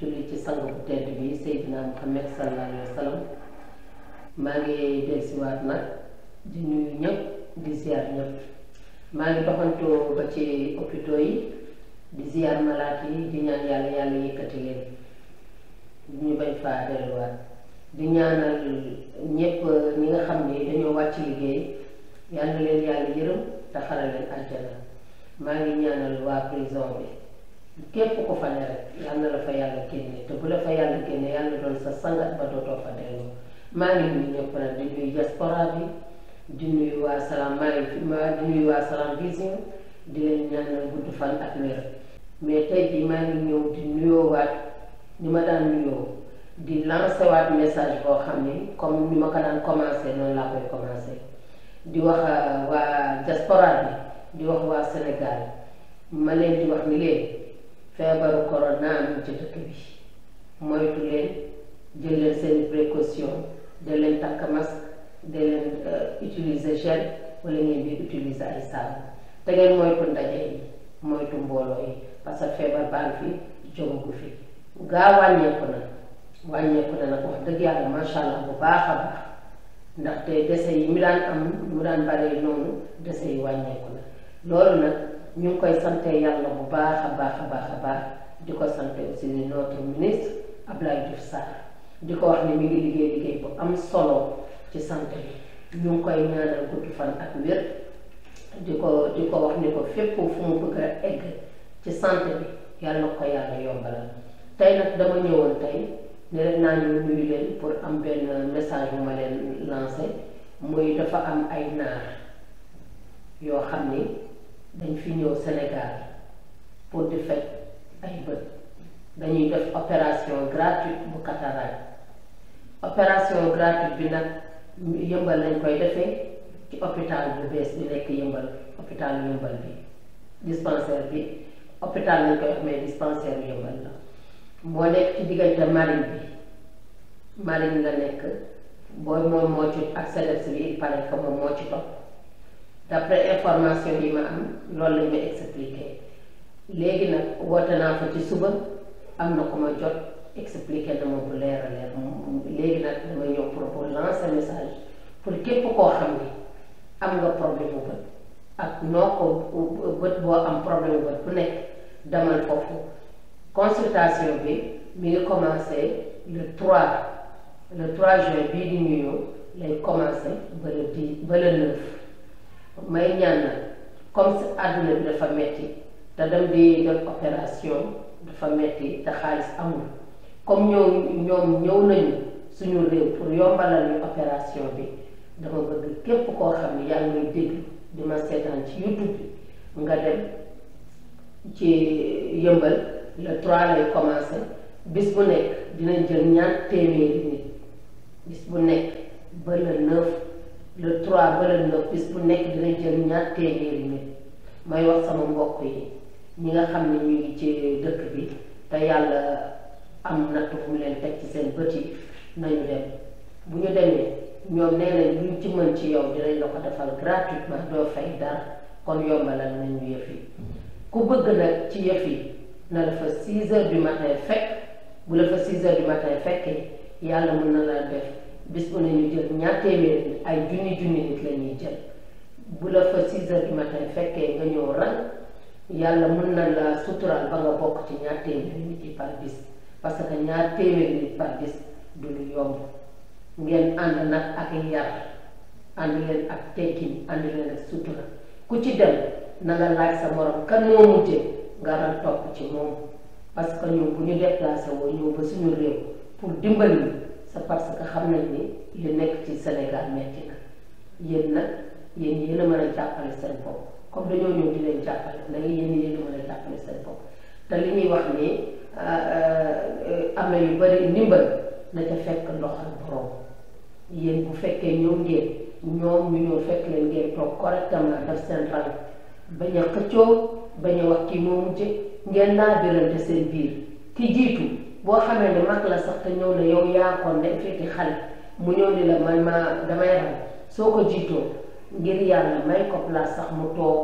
julli ci sang bu tedd bi Seydina Muhammad sallallahu alayhi wa sallam maa ngi dellusiwaat nag di nuyu ñëpp di ziar maa ngi doxantoo ba ci hôpitaux yi di ziar malaat yi di ñaan yàlla yàlla yëkkati leen ñu bañ faa delluwaat di ñaanal ñëpp ñi nga xam ni dañoo wàcc liggéey yàlla leen yàlla yërëm te leen àjjana maa ngi ñaanal waa prison bi képp ko fa ne rek yal na la fa yàlla génne te bu la fa yàlla génne yàlla doon sa sangat ba dootoo fa delloo maa ngi nuyu di nuyu diaspora bi di nuyu waa Salam maa ngi di nuyu waa Salam Vision di leen ñaanal gudd fan ak wér mais tey jii maa ñëw di nuyoowaat ni ma daan nuyoo di lancé waat message boo xam ni comme ni ma ko daan commencé noonu laa koy commencé di wax euh, waa diaspora bi di wax waa Sénégal ma leen di wax ni leen feebaru corona bi ci dëkk bi moytu leen jël leen seen précaution de leen takk masque de leen euh, utiliser gel wala ngeen di utiliser ay saabu te ngeen moytu ndaje yi moytu mbooloo yi parce que feebar baa ngi fi jógu fi gaa wàññeeku na wàññeeku na nag wax dëgg yàlla macha allah bu baax a baax ndaxte dese yi mu daan am mu daan baree noonu dese yi wàññeeku na loolu nag. ñu ngi koy sante yàlla bu baax a baax a baax a baax di ko sante aussi notre ministre Abdoulaye Diouf Sarr di ko wax ne mi ngi liggéey liggéey bu am solo ci santé bi ñu ngi koy ñaanal gudd fan ak wér di ko di ko wax ne ko fépp fu mu bëgg a egg ci santé bi yàlla na ko yàlla yombalal tey nag dama ñëwoon tey ne rek naa ñu nuyu leen pour am benn message yu ma leen lancé muy dafa am ay naar yoo xam ni dañ fi ñëw Sénégal pour di faj ay bët dañuy def opération gratuite bu cataracte opération gratuite bi nag yëmbal lañ koy defee ci hôpital bu bees bi nekk yëmbal hôpital yëmbal bi dispensaire bi hôpital lañ koy amee dispensaire yëmbal la moo nekk ci diggante marine bi marine la nekk booy moom moo ci ak CDEPS bi il paraît que moo ci topp d'après information yi ma am loolu lañ ma expliqué léegi nag woote naa fa ci suba am na ku ma jot expliqué na ma bu leer a leer léegi nag dama ñëw pour lancer message pour képp koo xam ne am nga problème bu bët ak ko boo am problème bu nekk demal foofu consultation bi mi ngi commencé le 3 le 3 juin bii di ñu ñëw lay commencé ba le 10 ba le 9. may ñaan na comme si àdduna bi dafa metti te dem di def opération dafa metti te xaalis amul comme ñoo ñoom ñëw nañu suñu réew pour yombalal ñu opération bi dama bëgg képp koo xam ne yaa ngi may di ma seetaan ci YouTube bi nga dem ci yëmbal le 3 lay commencé bis bu nekk dina jël ñaar téeméeri nit bis bu nekk ba le 9 le 3 ba le 9 bis bu nekk dina jël ñaar téeméeri nit may wax sama mbokk yi ñi nga xam ne ñu ngi ci dëkk bi te yàlla am natt fu mu leen teg ci seen bët yi nañu dem bu ñu demee ñoom nee nañ luñ ci mën ci yow dinañ la ko defal gratuitement doo fay dara kon yombalal nañu yëf yi ku bëgg nag ci yëf yi na la fa 6 heures du matin fekk bu la fa 6 heures du matin fekkee yàlla mën na laa def. bis bu ne ñu jël ñaar téeméer ay junni junni nit la jël bu la fa 6 heures du fekkee nga ñëw rang yàlla mën na la suturaal ba nga bokk ci ñaar téeméer nit yi par bis parce que ñaar téeméer nit par bis du lu yomb ngeen ànd nag ak yar ànd leen ak tekkin ànd leen ak sutura ku ci dem na laaj sa morom kan moo mujje nga ran topp ci moom parce que ñoom bu ñu déplacé woo ñëw ba suñu réew pour dimbali c'est parce que xam nañ ni li nekk ci Sénégal metti na yéen nag yéen yéen a mën a jàppale seen bopp comme dañoo ñëw di leen jàppale da nga yéen mën a jàppale seen bopp te li ñuy wax ni euh, euh, am na yu bari ndimbal na ca fekk loxol borom yéen bu fekkee ñëw ngeen ñoom ñu ñëw fekk leen ngeen toog correctement def seen rang bañ a xëccoo bañ a wax kii moo mujj ngeen naa birante seen biir ki jiitu boo xamee ni mag la sax te ñëw na yow yaa ko ne fekki xale mu ñëw ni la man ma damay ram soo ko jiitoo ngir yàlla may ko place sax mu toog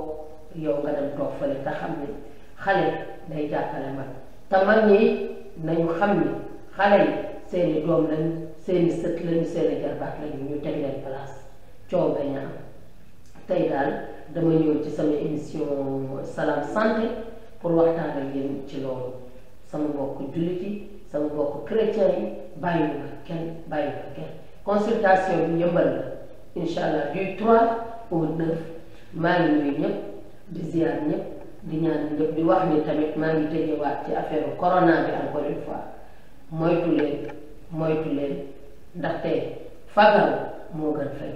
yow nga dem toog fële te xam ne xale day jàppale mag te mag ñi nañu xam ni xale yi seeni doom lañ seeni sët lañu seeni jarbaat lañu ñu teg leen place coow bañ am tey daal dama ñëw ci sama émission Salam Santé pour waxtaan ak ci loolu sama mbokk jullit yi sama mbokk chrétien yi bàyyi ma kenn bàyyi ma kenn consultation bi yëmbal la incha allah du 3 au maa ngi nuyu ñëpp di ziar ñëpp di ñaan ñëpp di wax ni tamit maa ngi tëjewaat ci affaire corona bi encore une fois moytu leen moytu leen ndaxte fagal moo gën fay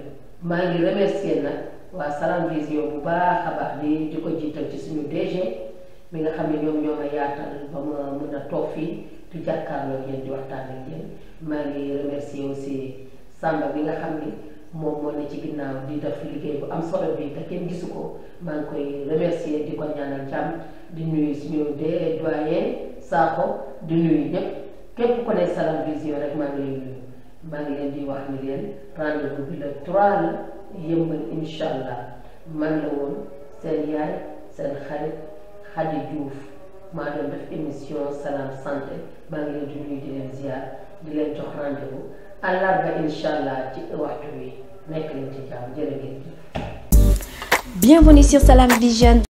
maa ngi remercier nag waa Salam Vision bu baax a di di ko jiital ci suñu DG. mi nga xam ne ñoom ñoo ma yaatal ba ma mën a toog fii di jàkkaarloo ak yéen di waxtaan ak yéen maa ngi remercier aussi Samba bi nga xam ni moom moo ne ci ginnaaw di def liggéey bu am solo bi te kenn gisu ko maa ngi koy remercier di ko ñaanal jàmm di nuyu suñu dee doyen Sakho di nuyu ñëpp képp ku ne Salam Vision rek maa ngi lay leen di wax ni leen rendez-vous bi le 3 la yëmbal incha allah man la woon seen yaay seen xarit. Khady Diouf maa doon def émission Salam Santé maa ngi leen di nuyu di leen ziar di leen jox rendez-vous àllarba incha allah ci waxtu wi nekk leen ci jàmm jërë ngeen jëf. Bienvenue sur Salam Vision.